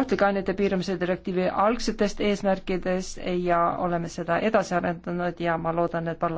ohtlikainete piiramise direktiivi algsetest eesmärkidest ja oleme seda edasi arendanud ja ma loodan, et parlament